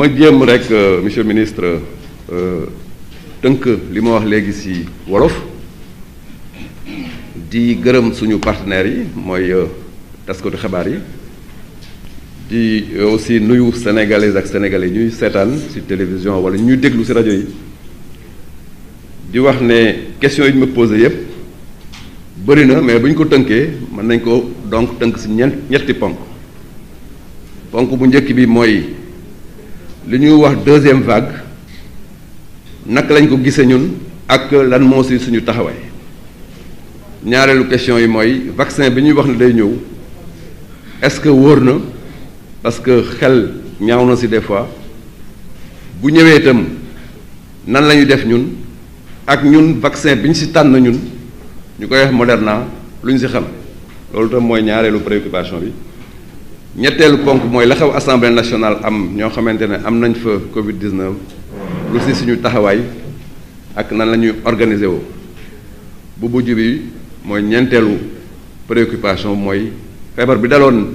ma jéem rek euh, monsieur ministre euh, tënk li ma wax léegi ci wolof di gërëm suñu partenaires yi mooy euh, taskatu xabaar yi di aussi nuyu sénégalais ak sénégalais ñuy seetaan ci télévision wala ñuy déglu ci rajo yi di wax ne question yi ñu ma posé yépp bëri na mais bu ñu ko tënkee mën nañ ko donc tënk ci ñetti ponk ponk bu njëkk bi mooy li ñuy wax deuxième vague naka lañ ko gisee ñun ak lan moo si suñu taxawaay ñaareelu question yi mooy vaccin bi ñuy wax ne day ñëw est-ce que wóor na parce que xel ñaaw na si des fois bu ñëwee itam nan la ñuy def ñun ak ñun vaccin bi ñu si tànn ñun ñu koy wax Moderna lu ñu si xam loolu tam mooy ñaareelu préoccupation bi. ñetteelu ponk mooy la xew assemblée nationale am ñoo xamante ne am nañ fa Covid 19 lu si suñu taxawaay ak nan la ñuy organiser wu bu mujj bi mooy ñeenteelu préoccupation mooy feebar bi daloon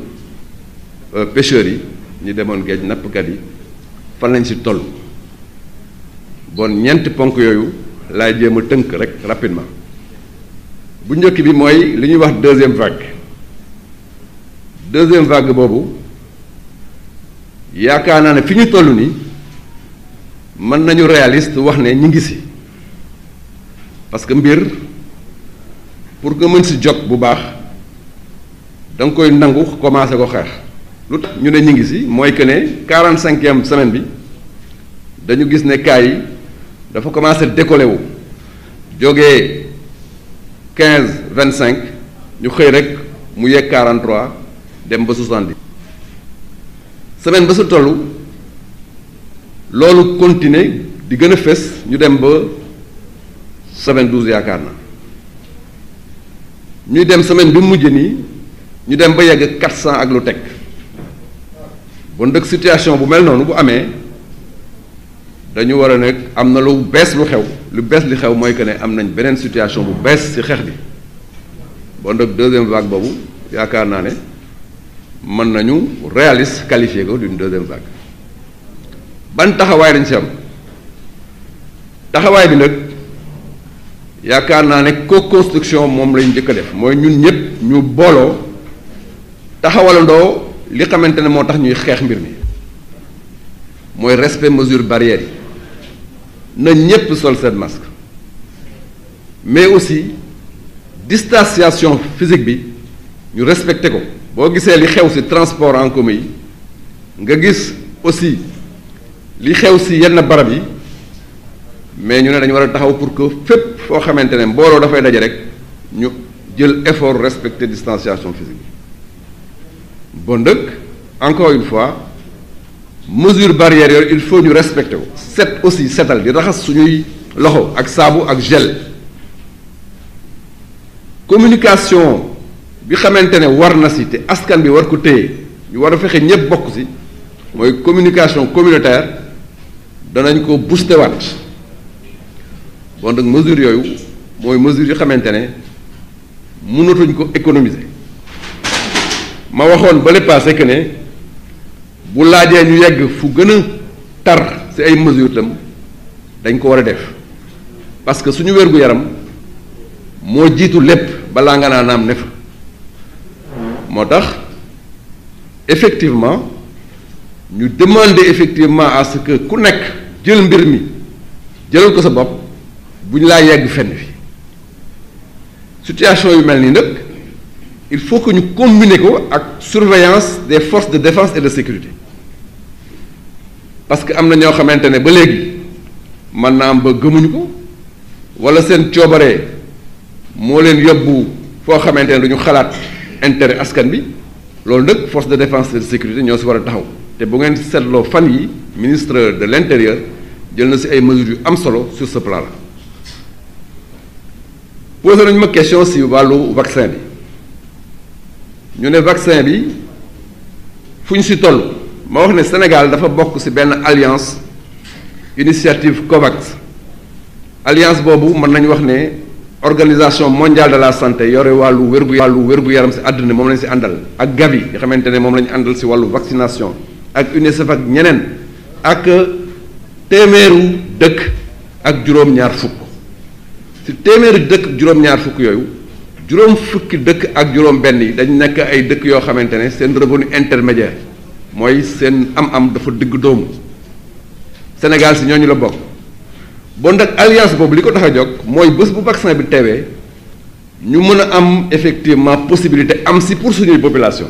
euh, pêcheurs yi ñu demoon géej nappkat yi fan lañ si toll bon ñeenti ponk yooyu laa jéem a tënk rek rapidement bu njëkk bi mooy li ñuy wax deuxième vague. deuxième vague boobu yaakaar naa ne fi ñu toll nii mën nañu réaliste wax ne ñu ngi si parce que mbir pour nga mën si jot bu baax da koy nangu commencé ko xeex lu tax ñu ne ñu ngi si mooy que ne quarante cinquième semaine bi dañu gis ne cas yi dafa commencé décoller wu jógee quinze vingt cinq ñu xëy rek mu yegg quarante trois dem ba soixante-dix semaine ba sa tollu loolu continuer di gën a fës ñu dem ba semaine douze yaakaar na ñuy dem semaine bi mujj nii ñu dem ba yegg quatre cent ak lu teg bon dëkk situation bu mel noonu bu amee dañu war a nekk am na lu bees lu xew lu bees li xew mooy que ne am nañ beneen situation bu bees ci xeex bi bon dëkk deuxième vague boobu yaakaar naa ne mën nañu réaliste qualifié ko d'une de vague ban taxawaay dañ si am taxawaay bi nag yaakaar naa ne co-construction moom lañ njëkk a def mooy ñun ñëpp ñu booloo taxawalandoo li xamante ne moo tax ñuy xeex mbir mi mooy respect mesure barrière yi na ñëpp sol seen masque mais aussi distanciation physique bi ñu respecté ko boo gisee li xew ci transport en commun yi nga gis aussi li xew ci yenn barab yi mais ñu ne dañu war a taxaw pour que fépp foo xamante ne mbooloo dafay daje rek ñu jël effort respecter distanciation physique bi bon dëkk encore une fois mesure barrière yooyu il faut ñu respecter ko set aussi setal di raxas suñuy loxo ak saabu ak gel communication bi xamante ne war na si te askan bi war ko téye ñu war a fexe ñëpp bokk si mooy communication communautaire danañ ko booster waat bon nag mesure yooyu mooy mesure yu xamante ne mënatuñ ko économiser ma waxoon ba le passé que ne bu laajee ñu yegg fu gën a tar si ay mesure tam dañ ko war a def parce que suñu wér-gu-yaram moo jiitu lépp balaa nga naa naam ne fa moo tax effectivement ñu demander effectivement à ce ku nekk jël mbir mi jëlal ko sa bopp bu ñu laa yegg fenn fi situation yu mel nii nag il faut que ñu combiner ko ak surveillance des forces de défense et de sécurité parce que am na ñoo xamante ne ba léegi man naa am ba gëmuñu ko walla seen coobaree moo leen yóbbu foo xamante ne duñu xalaat intérêt askan bi loolu nag force de défense et de sécurité ñoo si war a taxaw te bu ngeen seetloo fan yi ministre de l'intérieur jël na si ay mesures yu am solo sur ce plan là posé nañu ma question si wàllu vaccin bi ñu ne vaccin bi fu ñu si toll ma wax ne Sénégal dafa bokk si benn alliance initiative COVAX alliance boobu mën nañu wax ne organisation mondiale de la santé yore wàllu wér bu wàllu yaram si àddina moom lañ si àndal ak Gavi nga xamante ne moom la ñu àndal si wàllu vaccination ak UNICEF ak ñeneen ak téeméeru dëkk ak juróom-ñaar fukk yooyu juróom fukki dëkk ak juróom-benn yi dañu nekk ay dëkk yoo xamante ne seen revenu intermédiaire mooy seen am-am dafa digg doomu Sénégal si ñooñu la bokk. bon nag alliance boobu li ko tax a jóg mooy bés bu vaccin bi teewee ñu mën a am effectivement possibilité am si pour suñuy population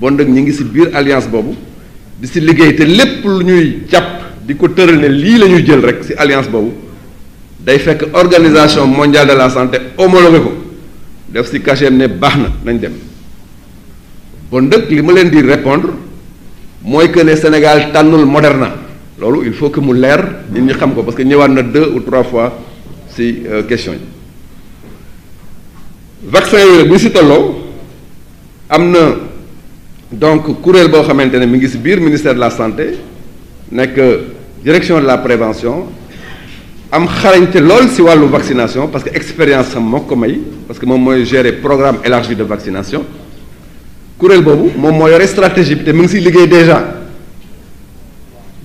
bon nag ñu ngi si biir alliance boobu di si liggéey te lépp lu ñuy jàpp di ko tëral ne lii la ñuy jël rek si alliance boobu day fekk organisation mondial de la santé homologué ko def si cachet ne baax na nañ dem bon nag li ma leen di répondre mooy que ne Sénégal tànnul Moderna. loolu il faut que mu leer nit ñi xam ko parce que ñëwaat na deux ou trois fois ci euh, question yi vaccin yooyu bu ñu ci tolloo am na donc kuréel boo xamante ne mi ngi si biir ministère de la santé nekk direction de la prévention am xarañte lool ci wàllu vaccination parce que expérience am moo ko may parce que moom mooy gérer programme élargie de vaccination kuréel boobu moom moo yore stratégie bi te mi ngi ciy liggéey déjà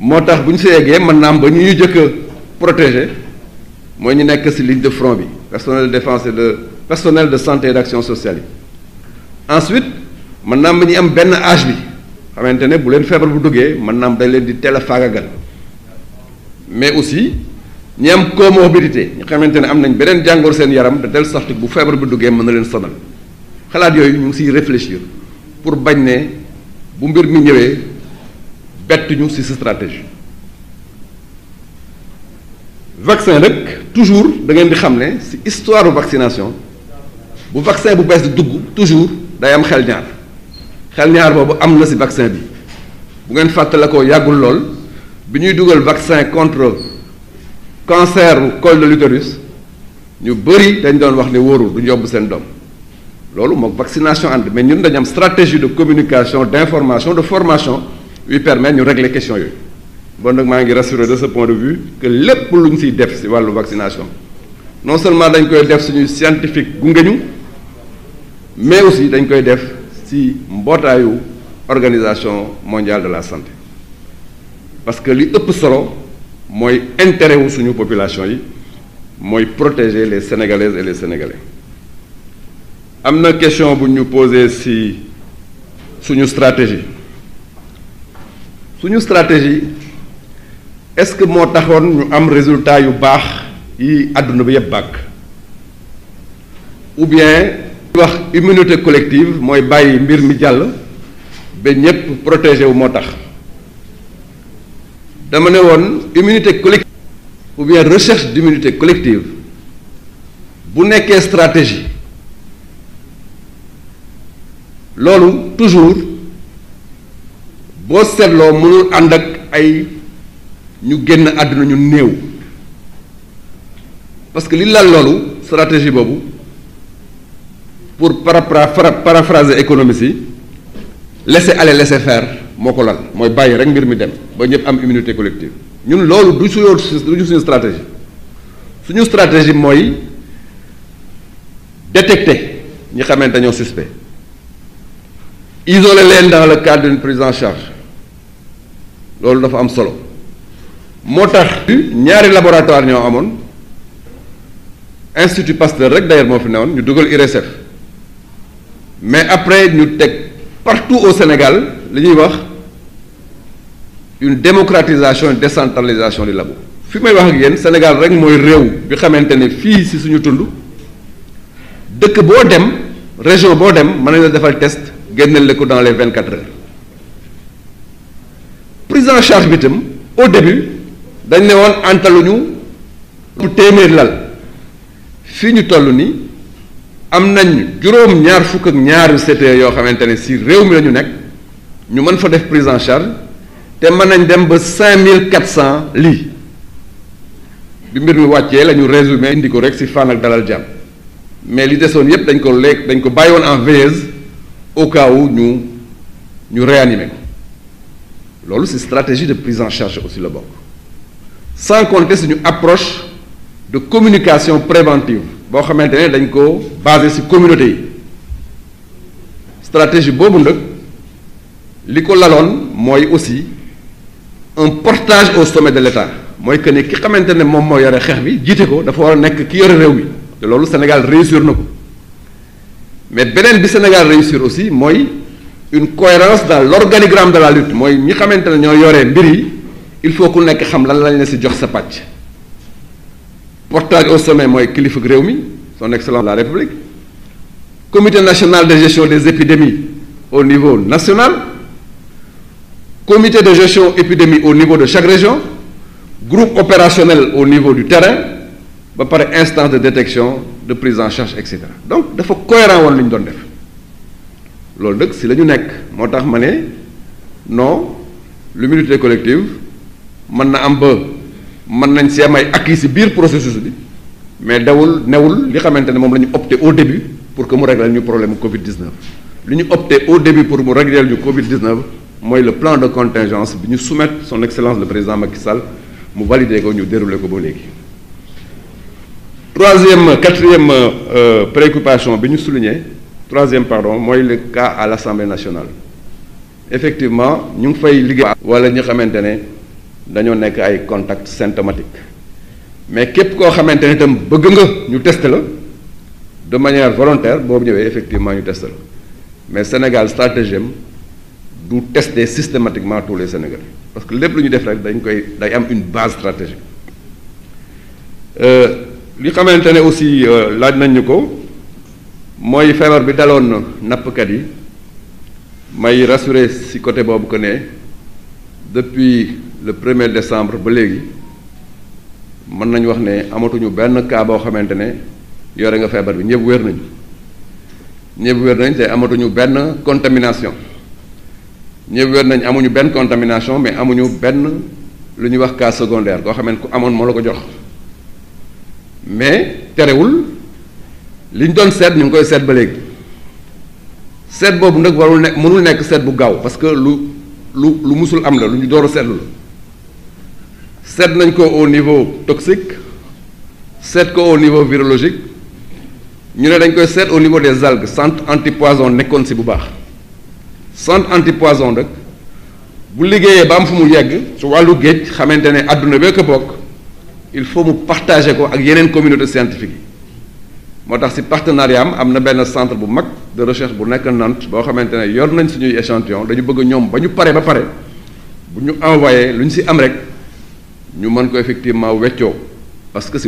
moo tax bu ñu si yeggee mën ba ñu ñu jëkk a mooy ñu nekk si ligne de front bi personnel de défense de personnel de santé et d'action sociale yi ensuite mën naa ba ñuy am benn âge bi xamante ne bu leen feebar bu duggee mën naa am dañ leen di teel a faagagal mais aussi ñi am obirité ñu xamante ne am nañ beneen jàngoor seen yaram de telle sorte bu feebar bu duggee mën na leen sonal xalaat yooyu ñu ngi siy réfléchir pour bañ ne bu mbir mi ñëwee. bettuñu ci sa stratégie vaccin rek toujours da ngeen di xam ne ci histoire vaccination bu vaccin bu bees di dugg toujours day am xel ñaar xel ñaar boobu am na ci vaccin bi bu ngeen fàttale fàttalikoo yàggul lool bi ñuy dugal vaccin contre cancer col de l'utérus ñu bëri dañ doon wax ni wóorul du yóbbu seen doom loolu moom vaccination ànd mais ñun dañ am stratégie de communication d'information de formation lui permettre ñu régler question yooyu bon nag maa ngi rassuré de ce point de vue que lépp lu ñu siy def si wàllu vaccination non seulement dañ koy def suñuy scientifique gunge ñu mais aussi dañ koy def si mbootaayu organisation mondiale de la santé parce que li ëpp solo mooy intérêt wu suñu population yi mooy protéger les sénégalaises et les sénégalais am na question bu ñu posé si suñu stratégie suñu stratégie est-ce que moo taxoon ñu am résultat yu baax yi àdduna bi yëpp bàkk ou bien wax immunité collective mooy bàyyi mbir mi jàll ba ñëpp protégé wu moo tax dama ne woon immunité collective ou bien recherche d'immunité collective bu nekkee stratégie loolu toujours boo seetloo mënul ànd ak ay ñu génn àdduna ñu néew parce que li lal loolu stratégie boobu pour parapra paraphraser économie si laisser aller laisser faire moo ko lal mooy bàyyi rek mbir mi dem ba ñëpp am immunité collective ñun loolu du suñu du suñu stratégie suñu stratégie mooy détecter ñi xamante ñoo suspect isoler leen dans le cadre d'une prise en charge loolu dafa am solo moo tax ñaari laboratoire ñoo amoon institut Pasteur rek d'ailleurs moo fi newoon ñu dugal IRESSEF mais après ñu teg partout au Sénégal li ñuy wax une democratisation une décentralisation du labo fi may wax ak yéen Sénégal rek mooy réew bi xamante ne fii ci suñu tund dëkk boo dem région boo dem mën nañ la defal test génneel la ko dans les vingt quatre heures prise en charge bi itam au début dañ ne woon antaluñu bu téeméer lal fii ñu toll ni am nañ juróom-ñaar fukk ak ñaari CTE yoo xamante ne si réew mi la ñu nekk ñu mën fa def prise en charge te mën nañ dem ba cinq mille quatre cent lii bi mbir mi wàccee la ñu résumé indi ko rek si fan ak dalal jàmm mais li des desoon yépp dañ ko lekk dañ ko bàyyi woon en veilleuse au cas ñu ñu réanime loolu c'est stratégie de prise en charge aussi la bokk sans compter suñu approche de communication préventive boo xamante ne dañ ko basé ci communauté yi stratégie boobu nag li ko laloon mooy aussi un portage au sommet de l'État mooy que ne ki xamante ne moom moo yore xeex bi jiite ko dafa war a nekk ki yore réew mi te loolu Sénégal réussir na ko mais beneen bi Sénégal réussir aussi mooy une cohérence dans l'organigramme de la lutte mooy ñi xamante ne ñoo yoree mbir yi il faut ku nekk xam lan lañ la si jox sa pàcc portage au sommet mooy kilifa réew mi son excellence la république commité national de gestion des épidémies au niveau national comité de gestion épidémie au niveau de chaque région groupe opérationnel au niveau du terrain ba pare instance de détection de prise en charge et cetera donc dafa cohérent woon li ñu doon def loolu nag si la ñu nekk moo tax ma ne non l'immunité collective mën na am ba mën nañ see am ay acquis si biir processus bi mais dawul newul li xamante ne moom la ñu opté au début pour que mu réglal ñu problème Covid 19. li ñu opté au début pour mu réglal ñu Covid 19 mooy le plan de contingence bi ñu soumettre son excellence le président Macky Sall mu validé ko ñu déroulé ko ba léegi. troisième quatrième euh, préoccupation bi ñu souligné. troisième pardon mooy le cas à l'Assemblée nationale effectivement ñu ngi fay liggéey wala ñu xamante ne dañoo nekk ay contact symptomatique mais képp koo xamante ne itam bëgg nga ñu test la de manière volontaire boobu ñëwee effectivement ñu test la mais Sénégal stratégie am du tester systématiquement tous les Sénégalais parce que lépp lu ñu def rek dañ koy day am une base stratégique euh, li xamante ne aussi euh, laaj nañ ñu ko mooy feebar bi daloon na nappkat yi may rassuré ci côté boobu ko ne depuis le premier décembre ba léegi mën nañu wax ne amatuñu benn cas boo xamante ne yore nga feebar bi ñëpp wér nañu ñëpp wér nañ te amatuñu benn contamination ñëpp wér nañ amuñu benn contamination mais amuñu benn lu ñuy wax kaa secondaire koo xamante ku amoon moo la ko jox mais terewul. li ñu doon seet ñu ngi koy seet ba léegi seet boobu nag warul nekk mënul nekk seet bu gaaw parce que lu lu lu musul am la lu ñu door a seetlu la seet nañ ko au niveau toxique seet ko au niveau virologique ñu ne dañ koy seet au niveau des algues centre antipoison nekkoon si bu baax centre antipoison nag bu liggéeyee ba am fu mu yegg su wàllu géej xamante ne àdduna bee ko bokk il faut mu partager ko ak yeneen communauté scientifique yi moo tax si partenariat am na benn centre bu mag de recherche bu nekk nant boo xamante ne yor nañ suñuy échantillon dañu bëgg ñoom ba ñu pare ba pare bu ñu envoyé lu ñu si am rek ñu mën ko effectivement weccoo parce que si